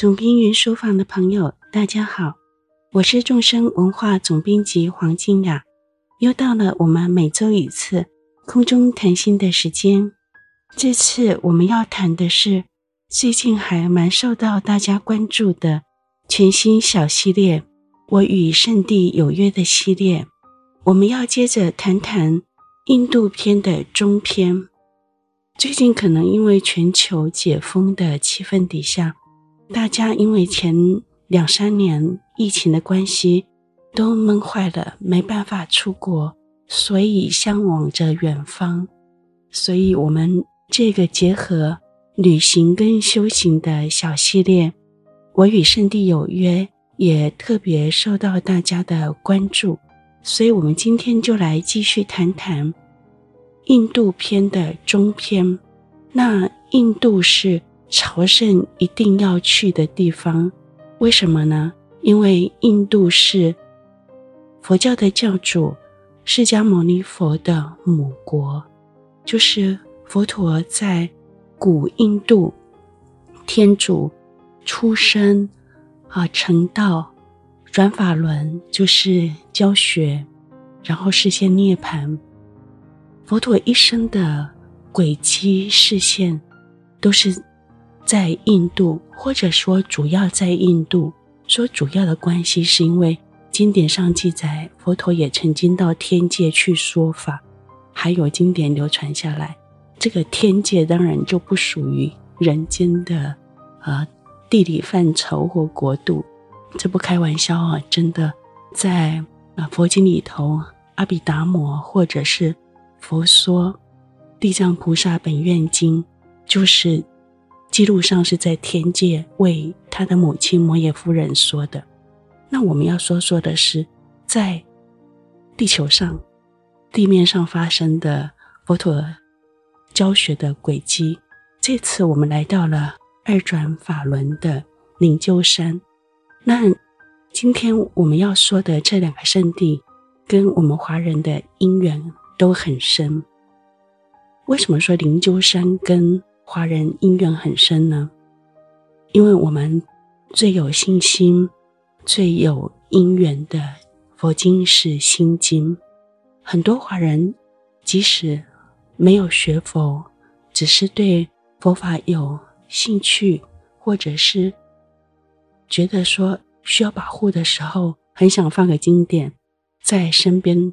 總編雲書房的朋友，大家好，我是眾生文化總編輯黃靜雅，又到了我們每周一次空中談心的時間。這次我們要談的是最近還蠻受到大家關注的全新小系列《我與聖地有約》的系列，我們要接着談談印度篇的中篇。最近可能因為全球解封的氣氛底下。大家因為前兩三年疫情的關係，都悶壞了，沒辦法出國，所以向往着遠方。所以，我們這個結合旅行跟修行的小系列《我與聖地有約》也特別受到大家的關注。所以，我們今天就來繼續談談印度篇的中篇。那印度是朝聖一定要去的地方，為什麼呢？因為印度是佛教的教主釋迦牟尼佛的母國，就是佛陀在古印度天竺出生啊、呃，成道、轉法輪，就是教學，然後示現涅槃。佛陀一生的軌跡、示現都是。在印度，或者說主要在印度，說主要的關係是因為經典上記載，佛陀也曾經到天界去說法，還有經典流傳下來，這個天界當然就不屬於人間的，呃，地理範疇或國度，這不開玩笑啊，真的，在啊佛經裡頭，《阿毗達摩》或者是《佛說地藏菩薩本願經》，就是。記錄上是在天界為他的母親摩耶夫人說的。那我們要說說的是，在地球上地面上發生的佛陀教學的軌跡。這次我們來到了二轉法輪的靈鷲山。那今天我們要說的這兩個聖地，跟我們華人的因緣都很深。為什麼說靈鷲山跟？華人因緣很深呢，因為我們最有信心、最有因緣的佛經是《心經》。很多華人即使沒有學佛，只是對佛法有興趣，或者是覺得說需要保護的時候，很想放個經典在身邊，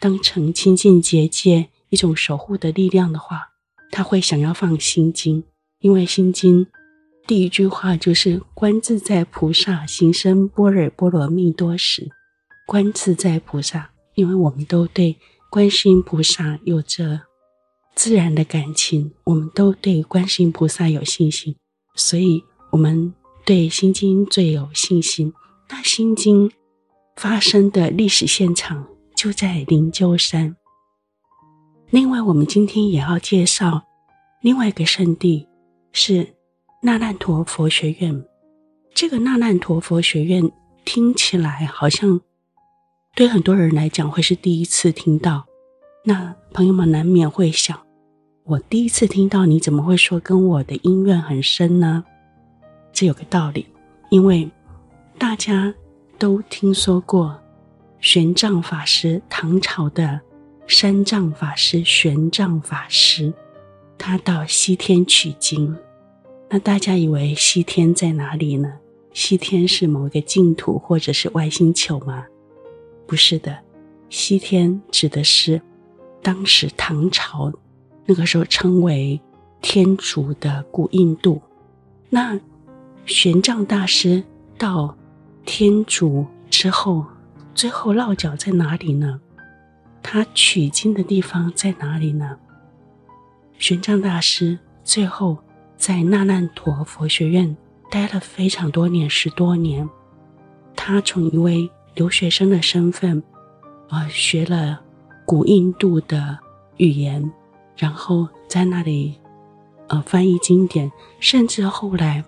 當成清淨結界、一種守護的力量的話。他會想要放《心經》，因為《心經》第一句話就是“觀自在菩薩行深般若波羅蜜多時，觀自在菩薩”。因為我們都對觀世音菩薩有着自然的感情，我們都對觀世音菩薩有信心，所以我們對《心經》最有信心。那《心經》發生的歷史現場就在靈鷲山。另外，我們今天也要介紹另外一個聖地，是那爛陀佛學院。這個那爛陀佛學院聽起來好像對很多人來講會是第一次聽到，那朋友們難免會想：我第一次聽到，你怎麼會說跟我的因緣很深呢？這有個道理，因為大家都聽說過玄奘法師唐朝的。三藏法師、玄奘法師，他到西天取經。那大家以為西天在哪裡呢？西天是某一個淨土，或者是外星球嗎？不是的，西天指的是當時唐朝那個時候稱為天竺的古印度。那玄奘大師到天竺之後，最後落腳在哪裡呢？他取經的地方在哪裡呢？玄奘大師最後在那爛陀佛學院待了非常多年，十多年。他從一位留學生的身份，呃，學了古印度的語言，然後在那裡，呃，翻譯經典，甚至後來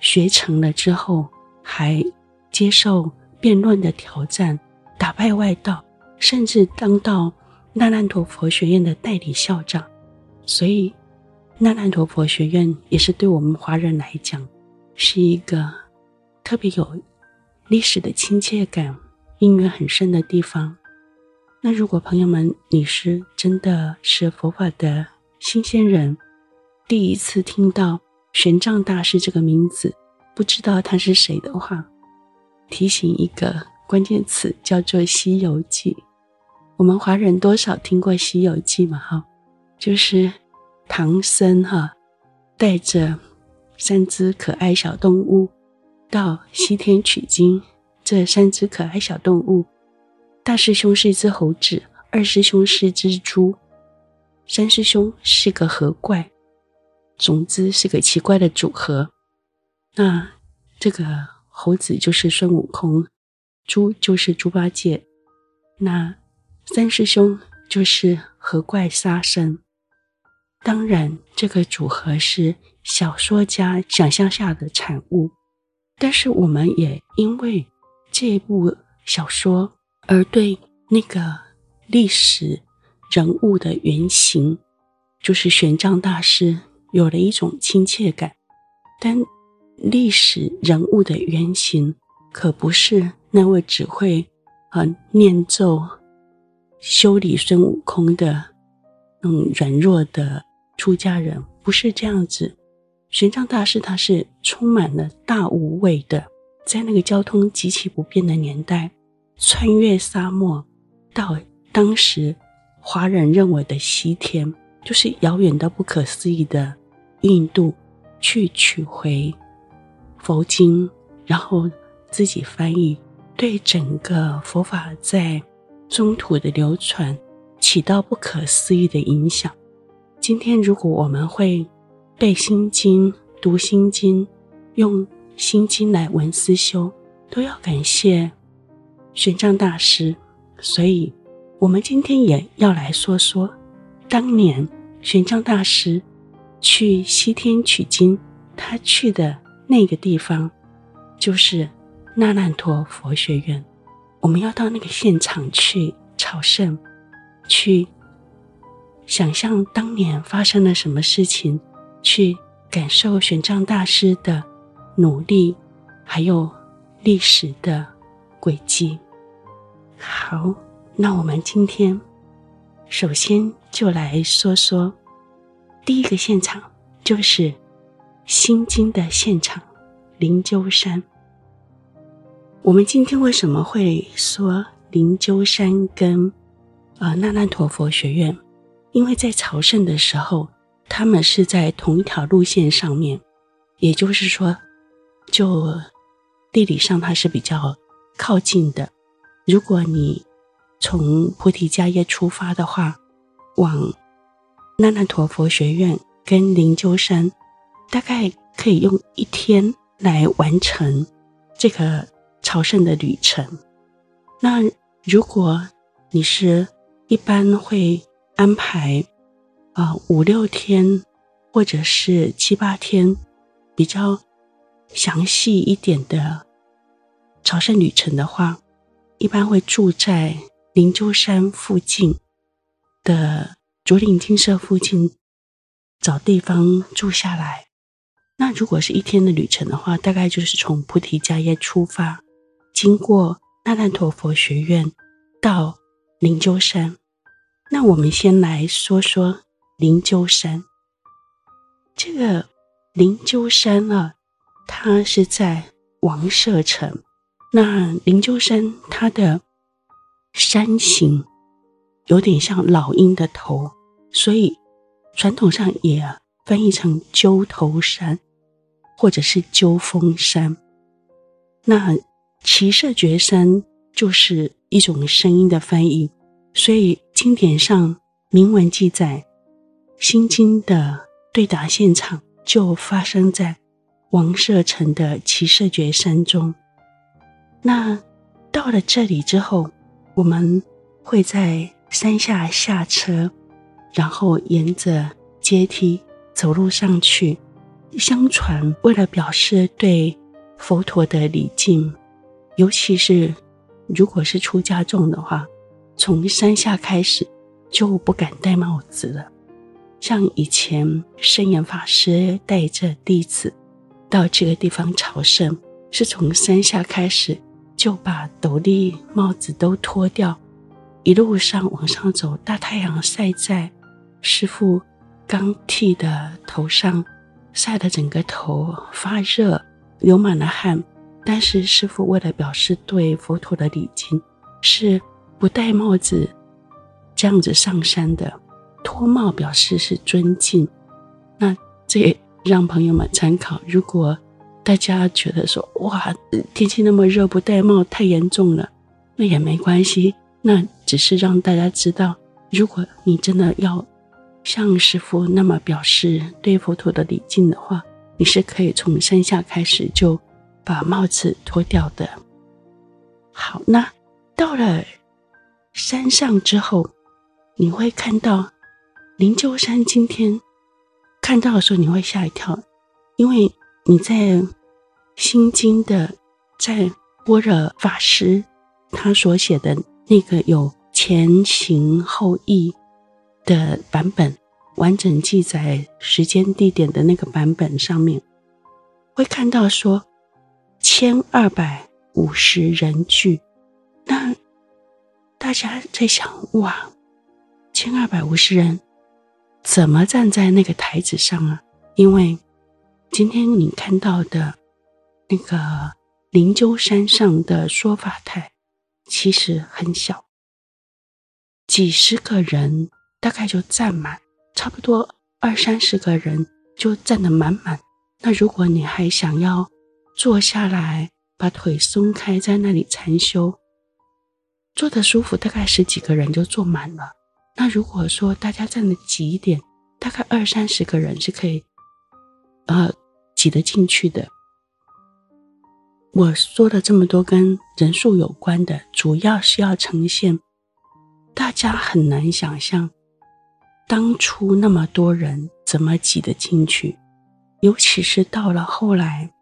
學成了之後，還接受辯論的挑戰，打敗外道。甚至當到那爛陀佛學院的代理校長，所以那爛陀佛學院也是對我們華人來講，是一個特別有歷史的親切感，因緣很深的地方。那如果朋友們你是真的是佛法的新鮮人，第一次聽到玄奘大師這個名字，不知道他是誰的話，提醒一個關鍵詞叫做《西遊記》。我們華人多少聽過《西遊記》嘛。哈，就是唐僧哈、啊、帶着三隻可愛小動物到西天取經。這三隻可愛小動物，大師兄是一隻猴子，二師兄是一隻豬，三師兄是個河怪，總之是個奇怪的組合。那這個猴子就是孫悟空，豬就是豬八戒，那。三師兄就是河怪沙僧，當然這個組合是小說家想象下的產物，但是我們也因為這部小說而對那個歷史人物的原型，就是玄奘大師，有了一種親切感。但歷史人物的原型可不是那位只會啊念咒、修理孫悟空的，嗯，軟弱的出家人不是這樣子。玄奘大師他是充滿了大無畏的，在那個交通極其不便的年代，穿越沙漠到當時華人認為的西天，就是遙遠到不可思議的印度，去取回佛經，然後自己翻譯，對整個佛法在。中土的流傳，起到不可思議的影響。今天，如果我們會背心經、讀心經、用心經來聞思修，都要感謝玄奘大師。所以，我們今天也要來說說，當年玄奘大師去西天取經，他去的那個地方，就是那爛陀佛學院。我們要到那個現場去朝聖，去想象當年發生了什麼事情，去感受玄奘大師的努力，還有歷史的軌跡。好，那我們今天首先就來說說第一個現場，就是《心經》的現場——靈鷲山。我們今天為什麼會說靈鷲山跟呃那爛陀佛學院？因為在朝聖的時候，他們是在同一條路線上面，也就是說，就地理上它是比較靠近的。如果你從菩提伽耶出發的話，往那爛陀佛學院跟靈鷲山，大概可以用一天來完成這個朝聖的旅程，那如果你是一般會安排，呃五六天或者是七八天，比較詳細一點的朝聖旅程的話，一般會住在靈鷲山附近的竹林精舍附近，找地方住下來。那如果是一天的旅程的話，大概就是從菩提伽耶出發，經過那爛陀佛學院，到靈鷲山。那我們先來說說靈鷲山。這個靈鷲山啊，它是在王舍城。那靈鷲山它的山形有點像老鷹的頭，所以傳統上也翻譯成鷲頭山，或者是鷲峰山。那。耆闍崛山就是一種聲音的翻譯，所以經典上明文記載，心經的對答現場就發生在王舍城的耆闍崛山中。那到了這裡之後，我們會在山下下車，然後沿着階梯走路上去。相傳，為了表示對佛陀的禮敬。尤其是，如果是出家眾的話，從山下開始就不敢戴帽子了。像以前聖嚴法師帶着弟子到這個地方朝聖，是從山下開始就把斗笠帽子都脫掉，一路上往上走，大太陽晒在師父剛剃的頭上，晒得整個頭發熱，流滿了汗。但是師父為了表示對佛陀的禮敬，是不戴帽子這樣子上山的，脫帽表示是尊敬。那這也讓朋友們參考。如果大家覺得說，哇，天氣那麼熱，不戴帽太嚴重了，那也沒關係。那只是讓大家知道，如果你真的要像師父那麼表示對佛陀的禮敬的話，你是可以從山下開始就，把帽子脫掉的。好，那到了山上之後，你會看到靈鷲山。今天看到的時候，你會嚇一跳，因為你在《心經》的在般若法師他所寫的那個有前情後意的版本，完整記載時間地點的那個版本上面，會看到說千二百五十人聚，那大家在想哇，千二百五十人怎麼站在那個台子上啊？因為今天你看到的那個靈鷲山上的說法台其實很小，幾十個人大概就站滿，差不多二三十個人就站得滿滿。那如果你還想要，坐下來，把腿鬆開，在那裡禪修，坐得舒服，大概十幾個人就坐滿了。那如果說大家站的擠一點，大概二三十個人是可以，呃，擠得進去的。我說了這麼多跟人數有關的，主要是要呈現，大家很難想象，當初那麼多人怎麼擠得進去，尤其是到了後來。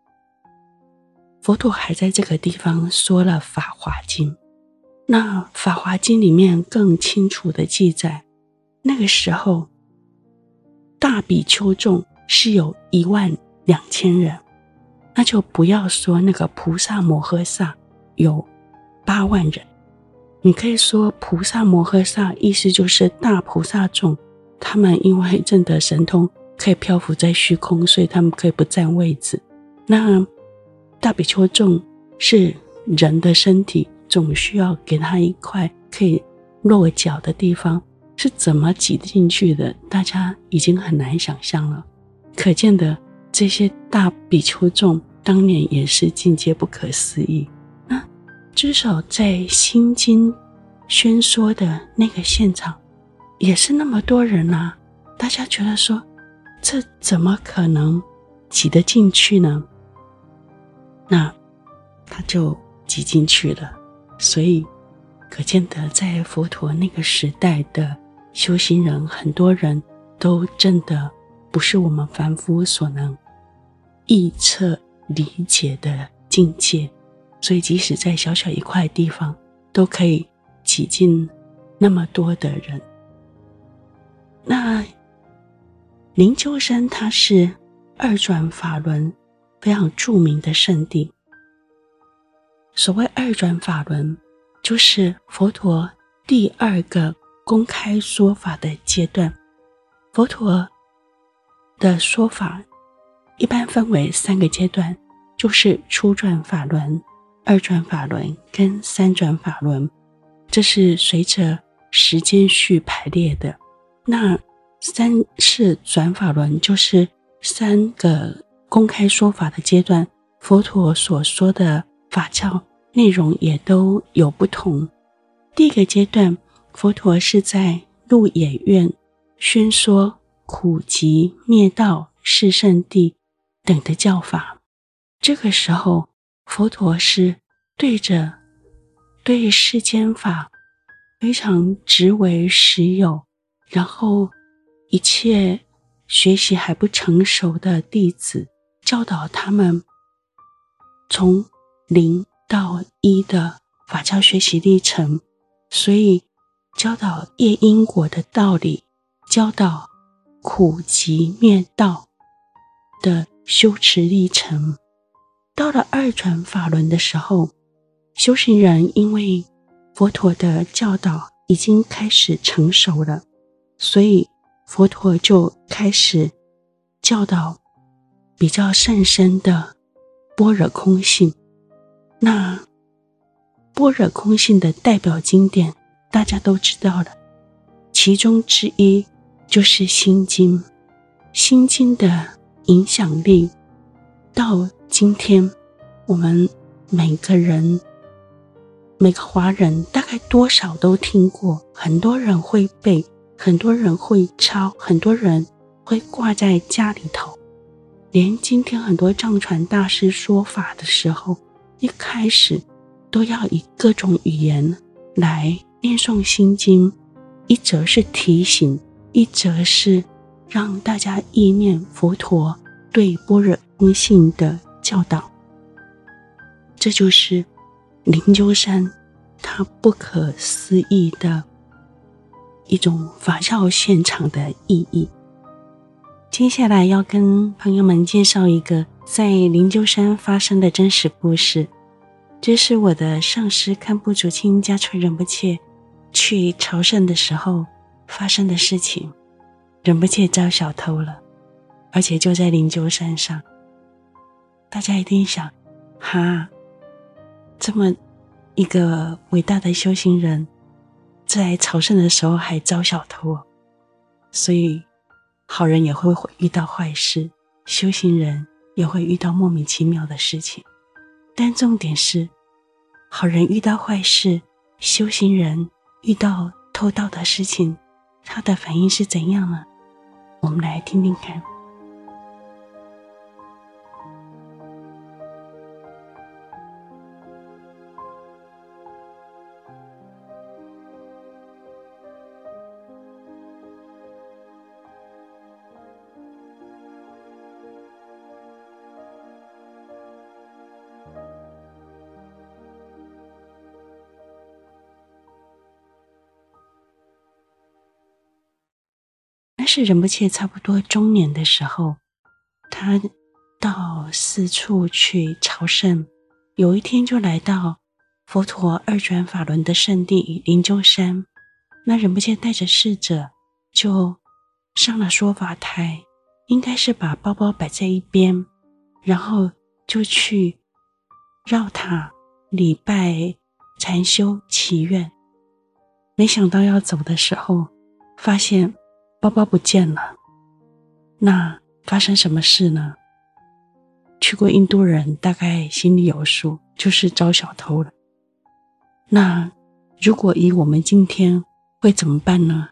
佛陀還在這個地方說了《法華經》，那《法華經》裡面更清楚的記載，那個時候大比丘眾是有一萬兩千人，那就不要說那個菩薩摩訶薩有八萬人，你可以說菩薩摩訶薩意思就是大菩薩眾，他們因為證得神通，可以漂浮在虛空，所以他們可以不占位置。那大比丘眾是人的身體，總需要給他一塊可以落腳的地方，是怎麼擠進去的？大家已經很難想象了。可見的這些大比丘眾當年也是境界不可思議。那至少在《心經》宣說的那個現場，也是那麼多人啊，大家覺得說，這怎麼可能擠得進去呢？那他就擠進去了，所以可見得在佛陀那個時代的修行人，很多人都真的不是我們凡夫所能臆測理解的境界。所以，即使在小小一塊地方，都可以擠進那麼多的人。那靈鷲山，他是二轉法輪，非常著名的聖地。所謂二轉法輪，就是佛陀第二個公開說法的階段。佛陀的說法一般分為三個階段，就是初轉法輪、二轉法輪跟三轉法輪。這是隨着時間序排列的。那三次轉法輪，就是三個。公開說法的階段，佛陀所說的法教內容也都有不同。第一個階段，佛陀是在鹿野苑，宣說苦集滅道四聖諦等的教法。這個時候，佛陀是對着對世間法非常執為實有，然後一切學習還不成熟的弟子。教導他們從零到一的法教學習歷程，所以教導業因果的道理，教導苦集滅道的修持歷程。到了二轉法輪的時候，修行人因為佛陀的教導已經開始成熟了，所以佛陀就開始教導。比較甚深的般若空性，那般若空性的代表經典，大家都知道了。其中之一就是心經《心經》。《心經》的影響力到今天，我們每個人、每個華人大概多少都聽過，很多人會背，很多人會抄，很多人會掛在家裡頭。連今天很多藏傳大師說法的時候，一開始都要以各種語言來念誦心經，一則是提醒，一則是讓大家意念佛陀對般若空性的教導。這就是靈鷲山它不可思議的一種法教現場的意義。接下來要跟朋友們介紹一個在靈鷲山發生的真實故事，這、就是我的上師堪布竹清嘉措仁波切去朝聖的時候發生的事情，仁波切遭小偷了，而且就在靈鷲山上。大家一定想，哈，這麼一個偉大的修行人，在朝聖的時候還遭小偷哦，所以。好人也會遇到壞事，修行人也會遇到莫名其妙的事情。但重點是，好人遇到壞事，修行人遇到偷盜的事情，他的反應是怎樣呢啊？我們來聽聽看。是仁波切差不多中年的時候，他到四處去朝聖。有一天就來到佛陀二轉法輪的聖地靈鷲山，那仁波切帶着侍者就上了說法台，應該是把包包擺在一邊，然後就去繞塔、禮拜、禪修、祈願。沒想到要走的時候，發現。包包不見了，那發生什麼事呢？去過印度人大概心裡有數，就是遭小偷了。那如果以我們今天會怎麼辦呢？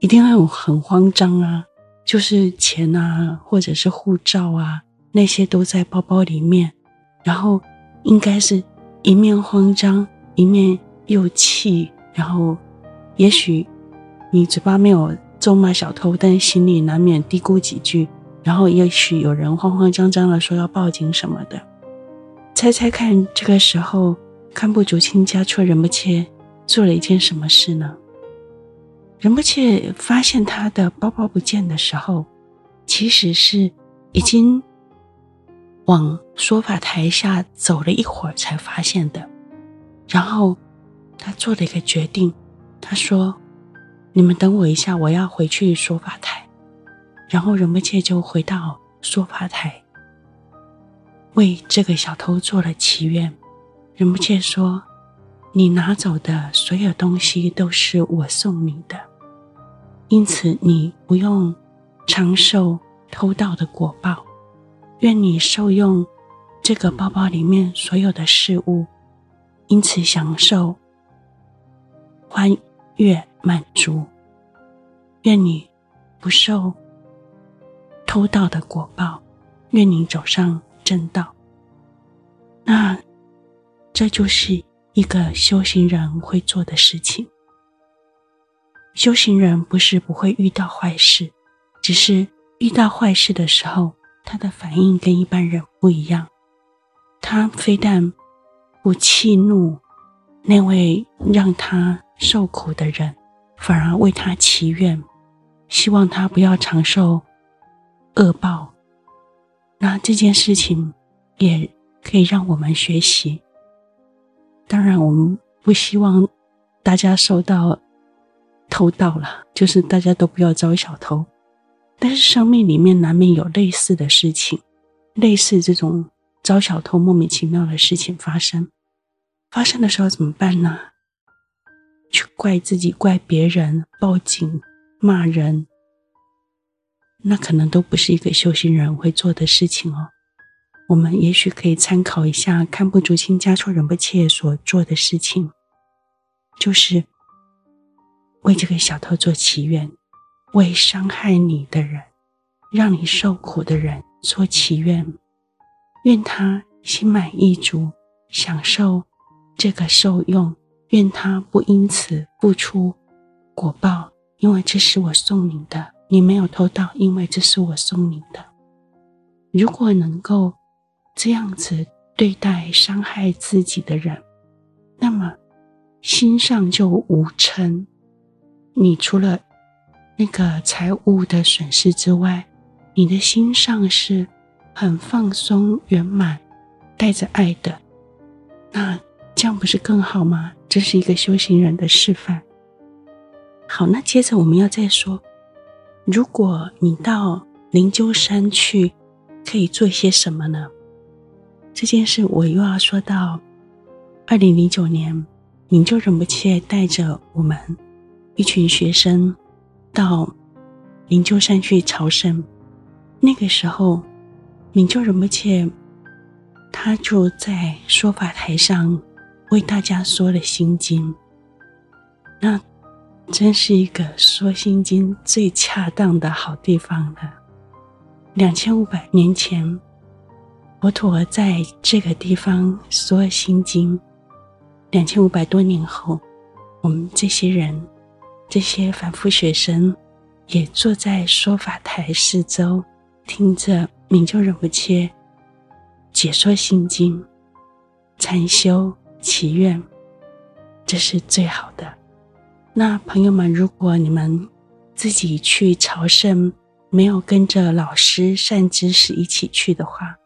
一定會有很慌張啊，就是錢啊，或者是護照啊，那些都在包包裡面。然後應該是一面慌張，一面又氣，然後也許你嘴巴沒有。咒罵小偷，但心裡難免嘀咕幾句，然後也許有人慌慌張張的說要報警什麼的。猜猜看，這個時候堪布竹清嘉措仁波切做了一件什麼事呢？仁波切發現他的包包不見的時候，其實是已經往說法台下走了一會兒才發現的。然後他做了一個決定，他說。你們等我一下，我要回去說法台。然後仁波切就回到說法台，為這個小偷做了祈願。仁波切說：“你拿走的所有東西都是我送你的，因此你不用承受偷盜的果報。願你受用這個包包裡面所有的事物，因此享受歡悅。”滿足，願你不受偷盜的果報，願你走上正道。那這就是一個修行人會做的事情。修行人不是不會遇到壞事，只是遇到壞事的時候，他的反應跟一般人不一樣。他非但不氣怒那位讓他受苦的人。反而為他祈願，希望他不要承受惡報。那這件事情也可以讓我們學習。當然，我們不希望大家受到偷盜了，就是大家都不要招小偷。但是，生命裡面難免有類似的事情，類似這種招小偷、莫名其妙的事情發生。發生的時候怎麼辦呢？去怪自己、怪別人、報警、罵人，那可能都不是一個修行人會做的事情哦。我們也許可以參考一下堪布竹清加措仁波切所做的事情，就是為這個小偷做祈願，為傷害你的人、讓你受苦的人做祈願，願他心滿意足，享受這個受用。願他不因此付出果報，因為這是我送你的，你沒有偷盜，因為這是我送你的。如果能夠這樣子對待傷害自己的人，那麼心上就無塵。你除了那個財物的損失之外，你的心上是很放鬆、圓滿、帶着愛的。那這樣不是更好嗎？這是一個修行人的示範。好，那接着我們要再說，如果你到靈鷲山去，可以做些什麼呢？這件事我又要說到，二零零九年，明就仁波切帶着我們一群學生到靈鷲山去朝聖。那個時候，明就仁波切他就在說法台上，為大家說了心經，那真是一個說心經最恰當的好地方了。兩千五百年前，佛陀在這個地方說心經；兩千五百多年後，我們這些人、這些凡夫學生，也坐在說法台四周，聽着明就仁波切解說心經，禪修。祈願，這是最好的。那朋友們，如果你們自己去朝聖，沒有跟着老師、善知識一起去的話，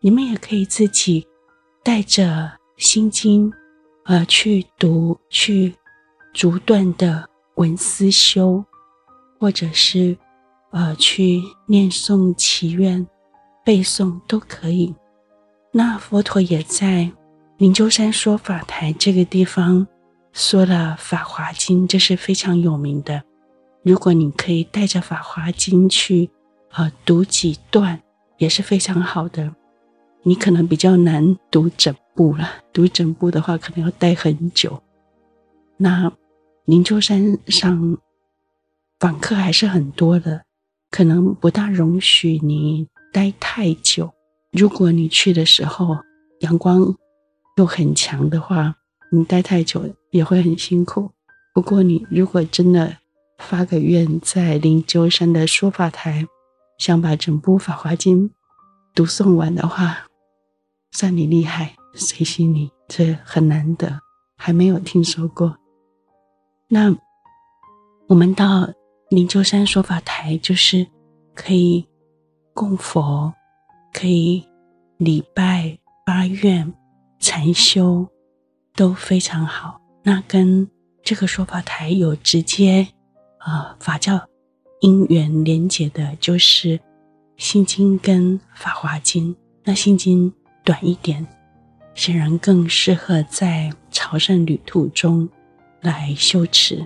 你們也可以自己帶着心經，呃，去讀，去逐段的聞思修，或者是呃去念誦祈願、背誦都可以。那佛陀也在。靈鷲山說法台這個地方說了《法華經》，這是非常有名的。如果你可以帶着《法華經》去，呃，讀幾段也是非常好的。你可能比較難讀整部了，讀整部的話可能要待很久。那靈鷲山上訪客還是很多的，可能不大容許你待太久。如果你去的時候陽光，又很強的話，你待太久也會很辛苦。不過，你如果真的發個願，在靈鷲山的說法台，想把整部《法華經》讀誦完的話，算你厲害，隨喜你，這很難得，還沒有聽說過。那我們到靈鷲山說法台，就是可以供佛，可以禮拜發願。禪修都非常好，那跟這個說法台有直接，呃，法教因緣連結的，就是《心經》跟《法華經》。那《心經》短一點，顯然更適合在朝聖旅途中來修持。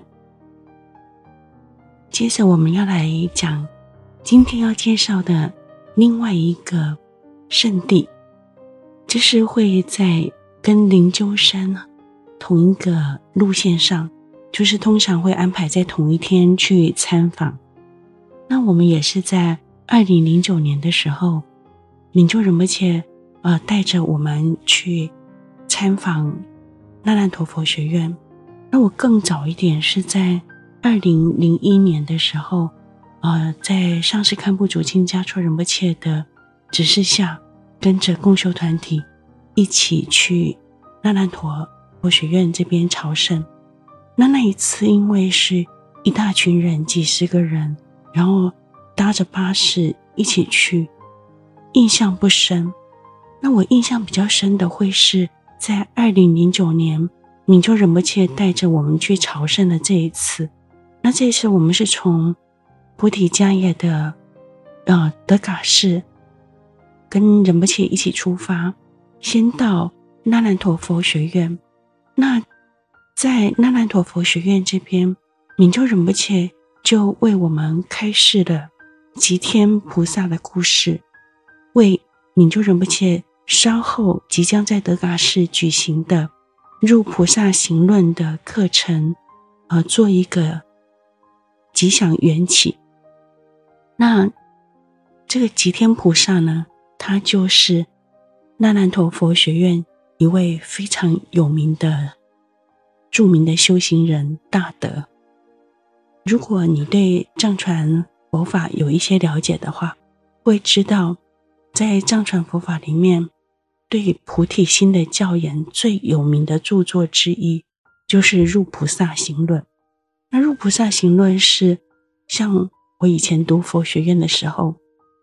接着，我們要來講今天要介紹的另外一個聖地。就是會在跟靈鷲山同一個路線上，就是通常會安排在同一天去參訪。那我們也是在二零零九年的時候，靈鷲仁波切呃帶着我們去參訪那蘭陀佛學院。那我更早一點是在二零零一年的時候，呃，在上師堪布竹清嘉措仁波切的指示下。跟着共修團體一起去那爛陀佛學院這邊朝聖。那那一次，因為是一大群人，幾十個人，然後搭着巴士一起去，印象不深。那我印象比較深的會是在二零零九年，明就仁波切帶着我們去朝聖的這一次。那這一次我們是從菩提迦耶的呃德噶寺。跟仁波切一起出發，先到納蘭陀佛學院。那在納蘭陀佛學院這邊，敏珠仁波切就為我們開示了寂天菩薩的故事，為敏珠仁波切稍後即將在德嘎寺舉行的入菩薩行論的課程而做一個吉祥緣起。那這個寂天菩薩呢？他就是那爛陀佛學院一位非常有名的、著名的修行人、大德。如果你對藏傳佛法有一些了解的話，會知道，在藏傳佛法裡面，對於菩提心的教言最有名的著作之一就是《入菩薩行論》。那《入菩薩行論》是像我以前讀佛學院的時候。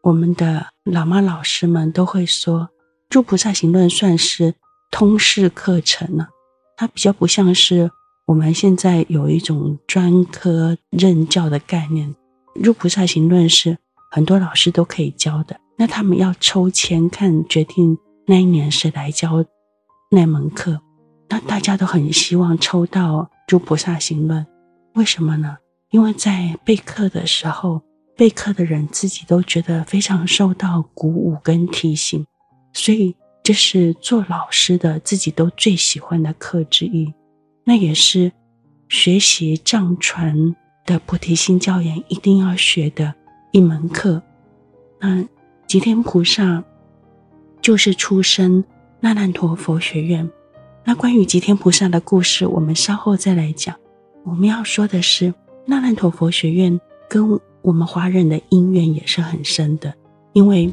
我們的老媽老師們都會說，《入菩薩行論》算是通識課程了啊，它比較不像是我們現在有一種專科任教的概念，《入菩薩行論》是很多老師都可以教的。那他們要抽籤看決定那一年誰來教那門課，那大家都很希望抽到《入菩薩行論》，為什麼呢？因為在備課的時候。備課的人自己都覺得非常受到鼓舞跟提醒，所以這是做老師的自己都最喜歡的課之一。那也是學習藏傳的菩提心教言一定要學的一門課。嗯，寂天菩薩就是出身那爛陀佛學院。那關於寂天菩薩的故事，我們稍後再來講。我們要說的是那爛陀佛學院跟我們華人的因緣也是很深的，因為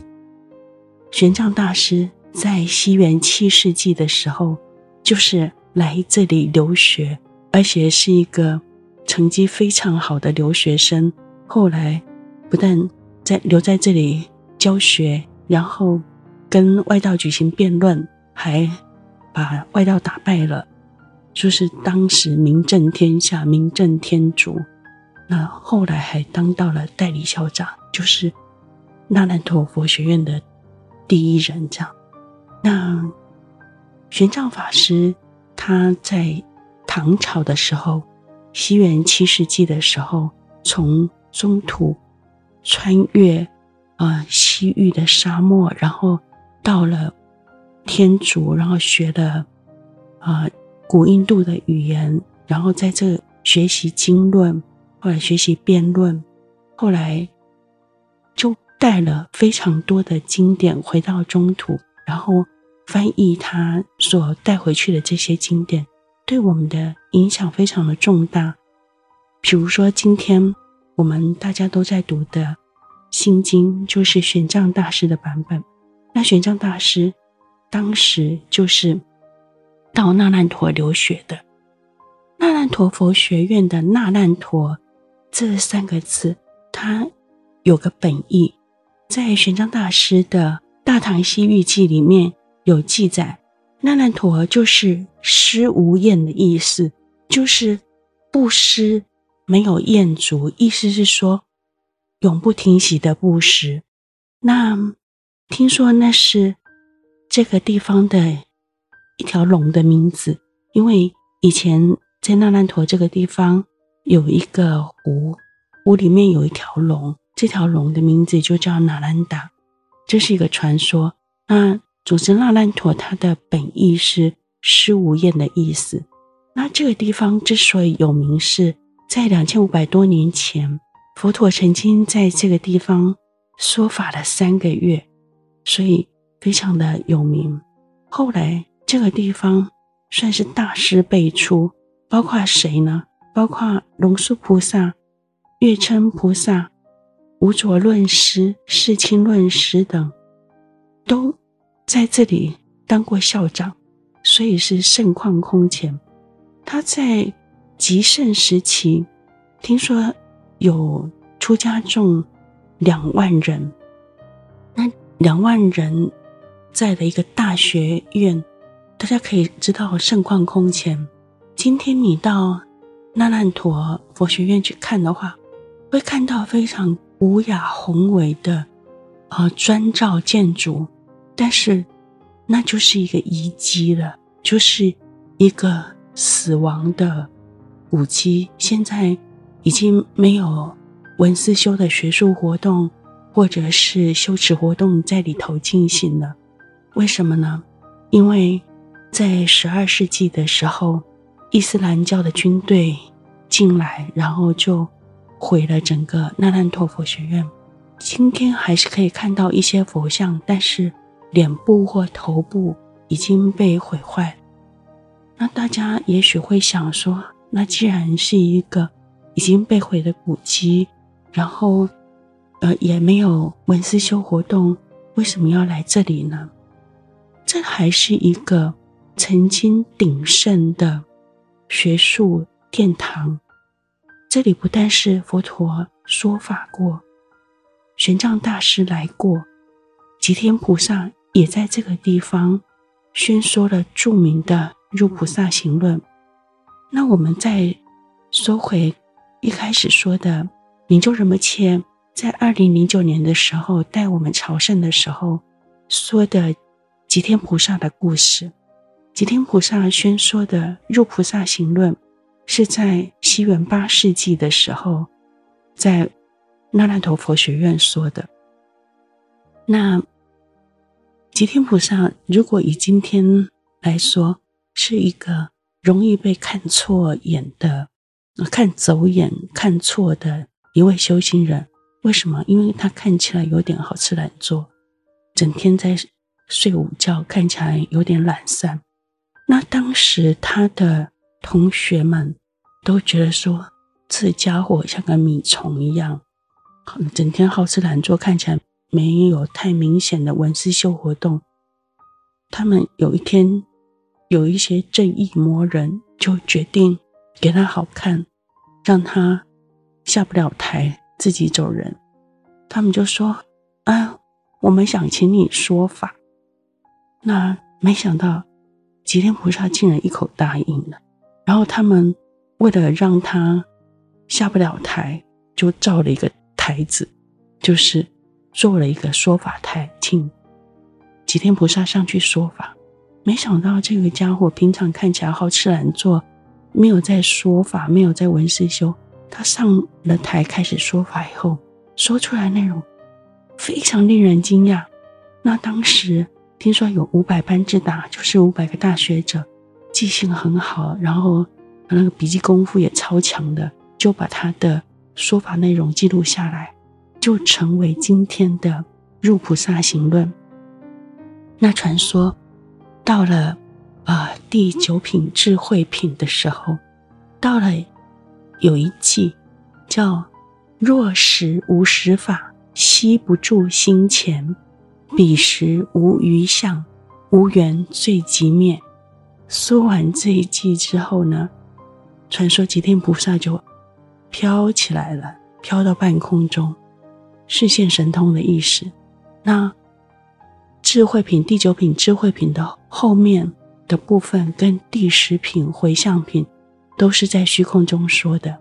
玄奘大師在西元七世紀的時候，就是來這裡留學，而且是一個成績非常好的留學生。後來不但在留在這裡教學，然後跟外道舉行辯論，還把外道打敗了，說、就是當時名震天下，名震天竺。那後來還當到了代理校長，就是那爛陀佛學院的第一人這樣。那玄奘法師他在唐朝的時候，西元七世紀的時候，從中土穿越啊、呃、西域的沙漠，然後到了天竺，然後學了啊、呃、古印度的語言，然後在這學習經論。後來學習辯論，後來就帶了非常多的經典回到中土，然後翻譯他所帶回去的這些經典，對我們的影響非常的重大。比如說，今天我們大家都在讀的《心經》，就是玄奘大師的版本。那玄奘大師當時就是到那爛陀留學的，那爛陀佛學院的那爛陀。這三個字，它有個本意，在玄奘大師的《大唐西域記》裡面有記載，那爛陀就是“施無厭”的意思，就是布施沒有厭足，意思是說永不停息的布施。那聽說那是這個地方的一條龍的名字，因為以前在那爛陀這個地方。有一個湖，湖裡面有一條龍，這條龍的名字就叫納蘭達。這是一個傳說。那總之，那爛陀它的本意是“施無厭”的意思。那這個地方之所以有名，是在兩千五百多年前，佛陀曾經在這個地方說法了三個月，所以非常的有名。後來這個地方算是大師輩出，包括誰呢？包括龍樹菩薩、月稱菩薩、無着論師、世親論師等，都在這裡當過校長，所以是盛況空前。他在極盛時期，聽說有出家眾兩萬人，那兩萬人在的一個大學院，大家可以知道盛況空前。今天你到，那爛陀佛學院去看的話，會看到非常古雅宏偉的呃磚造建築，但是那就是一個遺跡了，就是一個死亡的古蹟。現在已經沒有聞思修的學術活動或者是修持活動在裡頭進行了。為什麼呢？因為在十二世紀的時候，伊斯蘭教的軍隊。進來，然後就毀了整個那爛陀佛學院。今天還是可以看到一些佛像，但是臉部或頭部已經被毀壞。那大家也許會想說，那既然是一個已經被毀的古蹟，然後呃也沒有聞思修活動，為什麼要來這裡呢？這還是一個曾經鼎盛的學術。殿堂，這裡不但是佛陀說法過，玄奘大師來過，寂天菩薩也在這個地方宣說了著名的《入菩薩行論》。那我們再說回一開始說的，明就仁波切，在二零零九年的時候帶我們朝聖的時候說的寂天菩薩的故事，寂天菩薩宣說的《入菩薩行論》。是在西元八世紀的時候，在那爛陀佛學院說的。那吉天菩薩，如果以今天來說，是一個容易被看錯眼的、看走眼看錯的一位修行人。為什麼？因為他看起來有點好吃懶做，整天在睡午覺，看起來有點懶散。那當時他的同學們。都覺得說，這家伙像個米蟲一樣，整天好吃懶做，看起來沒有太明顯的聞思修活動。他們有一天有一些正義魔人就決定給他好看，讓他下不了台，自己走人。他們就說：“啊，我們想請你說法。”那沒想到，吉天菩薩竟然一口答應了。然後他們。為了讓他下不了台，就造了一個台子，就是做了一個說法台，請幾天菩薩上去說法。沒想到這個家伙平常看起來好吃懶做，沒有在說法，沒有在聞思修。他上了台開始說法以後，說出來內容非常令人驚訝。那當時聽說有五百班智達，就是五百個大學者，記性很好，然後。那個筆記功夫也超強的，就把他的說法內容記錄下來，就成為今天的《入菩薩行論》。那傳說到了呃第九品智慧品的時候，到了有一句叫“若實無實法，悉不住心前；彼時無餘相，無緣最極滅。”說完這一句之後呢？傳說寂天菩薩就飄起來了，飄到半空中，示現神通的意思。那智慧品第九品智慧品的後面的部分，跟第十品回向品，都是在虛空中說的。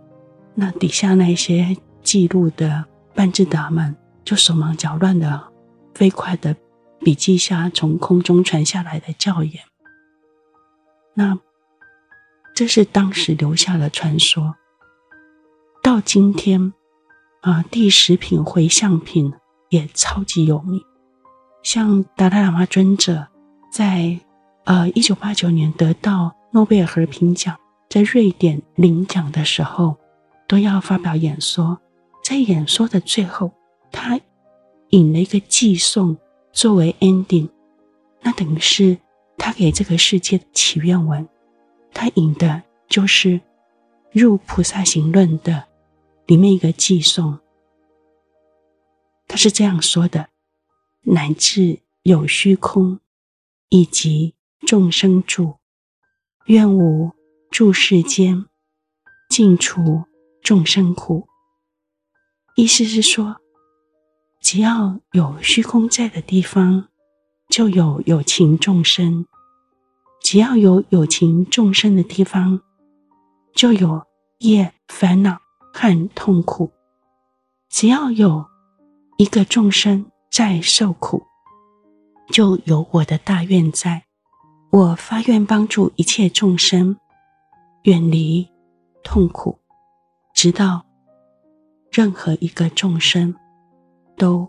那底下那些記錄的班智達們，就手忙腳亂的，飛快的筆記下從空中傳下來的教言。那。這是當時留下的傳說。到今天，啊、呃，第十品回向品也超級有名。像達賴喇嘛尊者在呃一九八九年得到諾貝爾和平獎，在瑞典領獎的時候，都要發表演說。在演說的最後，他引了一個偈頌，作為 ending，那等於是他給這個世界的祈願文。他引的就是《入菩薩行論》的裡面一個偈頌，他是這樣說的：“乃至有虛空，以及眾生住，願吾住世間，盡除眾生苦。”意思是說，只要有虛空在的地方，就有有情眾生。只要有有情眾生的地方，就有業、煩惱和痛苦；只要有一個眾生在受苦，就有我的大願在。我發願幫助一切眾生遠離痛苦，直到任何一個眾生都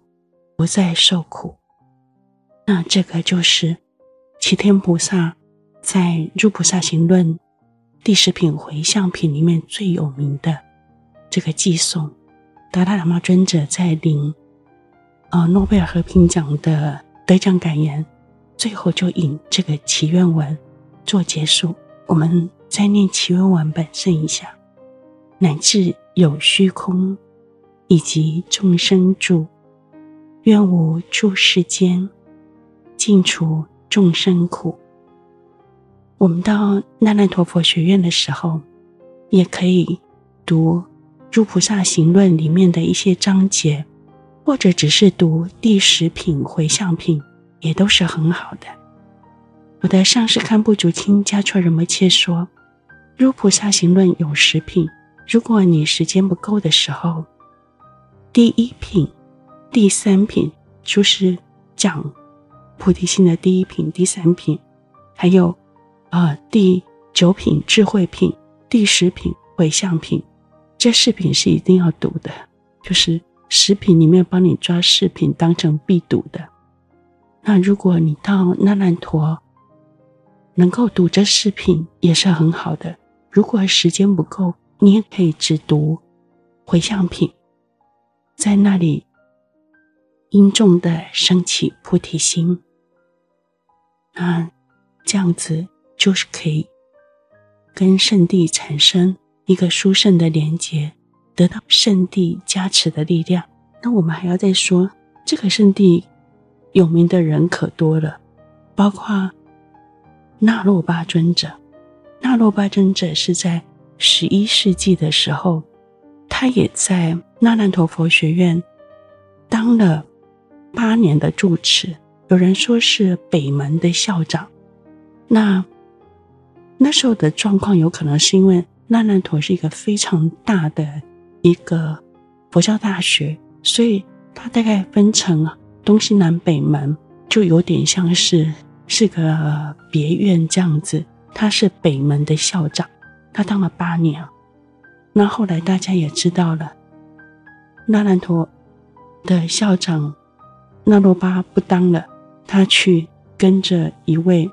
不再受苦。那這個就是齊天菩薩。在《入菩薩行論》第十品回向品裡面最有名的這個偈頌，達賴喇嘛尊者在領呃諾貝爾和平獎的得獎感言，最後就引這個祈願文做結束。我們再念祈願文本身一下，乃至有虛空，以及眾生住，願吾住世間，盡除眾生苦。我們到那爛，那爛陀佛學院的時候，也可以讀《入菩薩行論》裡面的一些章節，或者只是讀第十品回向品，也都是很好的。我的上師堪布竹清嘉措仁波切說，《入菩薩行論》有十品，如果你時間不夠的時候，第一品、第三品就是講菩提心的第一品、第三品，還有。啊、哦，第九品智慧品，第十品回向品，這四品是一定要讀的。就是十品裡面幫你抓四品當成必讀的。那如果你到那爛陀，能夠讀這四品也是很好的。如果時間不夠，你也可以只讀回向品，在那裡殷重的升起菩提心。啊，這樣子。就是可以跟聖地產生一個殊勝的連接，得到聖地加持的力量。那我們還要再說，這個聖地有名的人可多了，包括那洛巴尊者。那洛巴尊者是在十一世紀的時候，他也在那爛陀佛學院當了八年的住持，有人說是北門的校長。那那時候的狀況有可能是因為那爛陀是一個非常大的一個佛教大學，所以它大概分成東西南北門，就有點像是是個別院這樣子。他是北門的校長，他當了八年。那後來大家也知道了，那爛陀的校長那洛巴不當了，他去跟着一位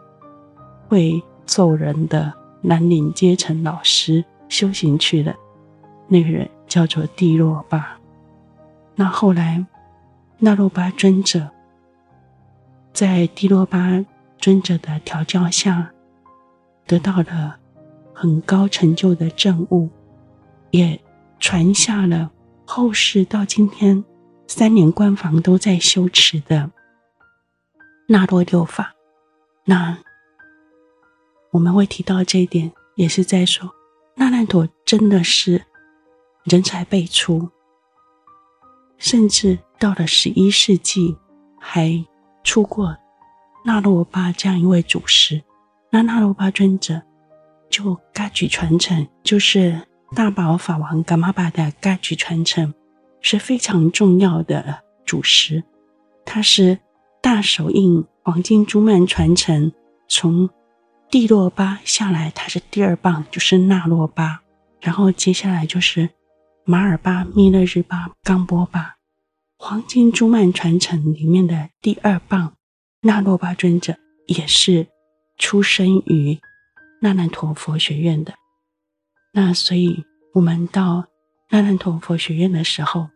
會。揍人的南嶺階層老師修行去了，那個人叫做帝洛巴。那後來，納洛巴尊者在帝洛巴尊者的調教下，得到了很高成就的證悟，也傳下了後世到今天三年關房都在修持的納洛六法。那。我們會提到這一點，也是在說，那爛陀真的是人才輩出，甚至到了十一世紀，還出過那羅巴這樣一位祖師，那那羅巴尊者就噶舉傳承，就是大寶法王噶瑪巴的噶舉傳承是非常重要的祖師。他是大手印黃金珠鬘傳承從。帝洛巴下來，他是第二棒，就是那洛巴。然後接下來就是馬爾巴、密勒日巴、岡波巴。黃金珠曼傳承裡面的第二棒，那洛巴尊者也是出生於那爛陀佛學院的。那所以，我們到那爛陀佛學院的時候，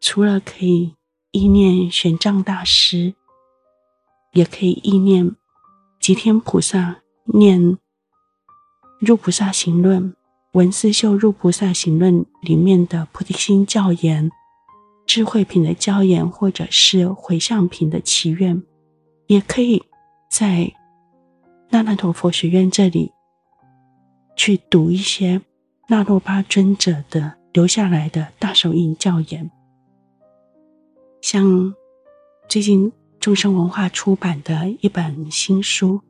除了可以意念玄奘大師，也可以意念寂天菩薩。念《入菩薩行論》，聞思修《入菩薩行論》裡面的菩提心教言，智慧品的教言，或者是回向品的祈願，也可以在那爛陀佛學院這裡去讀一些那洛巴尊者的留下來的大手印教言。像最近眾生文化出版的一本新書，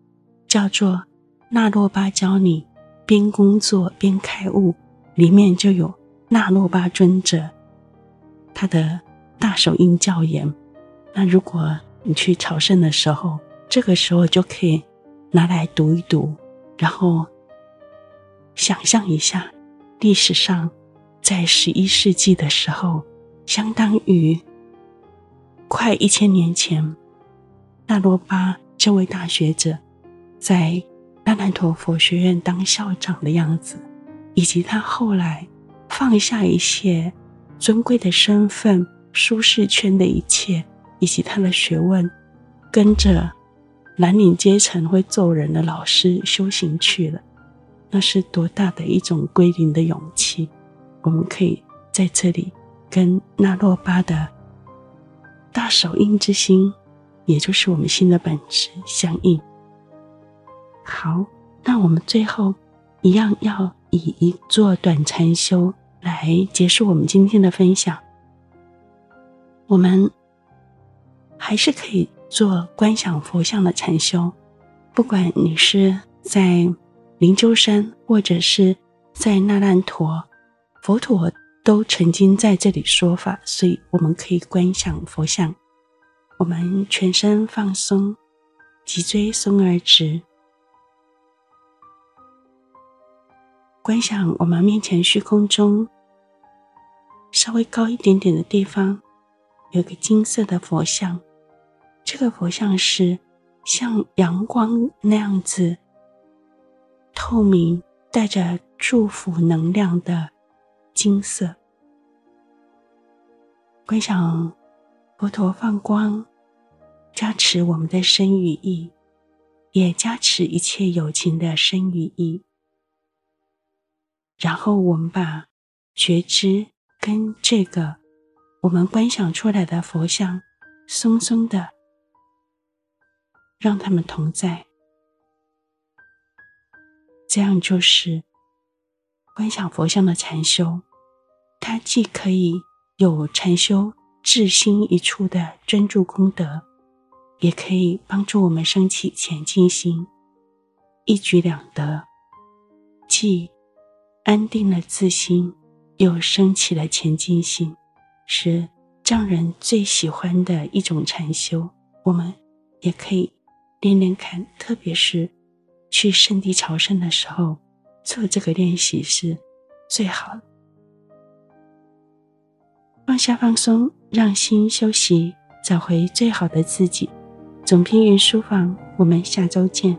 叫做。那洛巴教你邊工作邊開悟，裡面就有那洛巴尊者他的大手印教言。那如果你去朝聖的時候，這個時候就可以拿來讀一讀，然後想象一下，歷史上在十一世紀的時候，相當於快一千年前，那洛巴這位大學者在。阿南陀佛學院當校長的樣子，以及他後來放下一切尊貴的身份、舒適圈的一切，以及他的學問，跟着藍領階層會做人的老師修行去了。那是多大的一種歸零的勇氣！我們可以在這裡跟那洛巴的大手印之心，也就是我們心的本質相應。好，那我們最後一樣要以一座短禪修來結束我們今天的分享。我們還是可以做觀想佛像的禪修，不管你是在靈鷲山，或者是在那爛陀，佛陀都曾經在這裡說法，所以我們可以觀想佛像。我們全身放鬆，脊椎鬆而直。觀想我們面前虛空中稍微高一點點的地方，有個金色的佛像。這個佛像是像陽光那樣子透明，帶着祝福能量的金色。觀想佛陀放光，加持我們的身與意，也加持一切有情的身與意。然後我們把覺知跟這個我們觀想出來的佛像鬆松的，讓他們同在。這樣就是觀想佛像的禪修，它既可以有禪修制心一處的專注功德，也可以幫助我們升起虔敬心，一舉兩得，即。安定了自心，又升起了前進心，是藏人最喜歡的一種禪修。我們也可以練練看，特別是去聖地朝聖的時候，做這個練習是最好了。放下、放鬆，讓心休息，找回最好的自己。總平雲書房，我們下周見。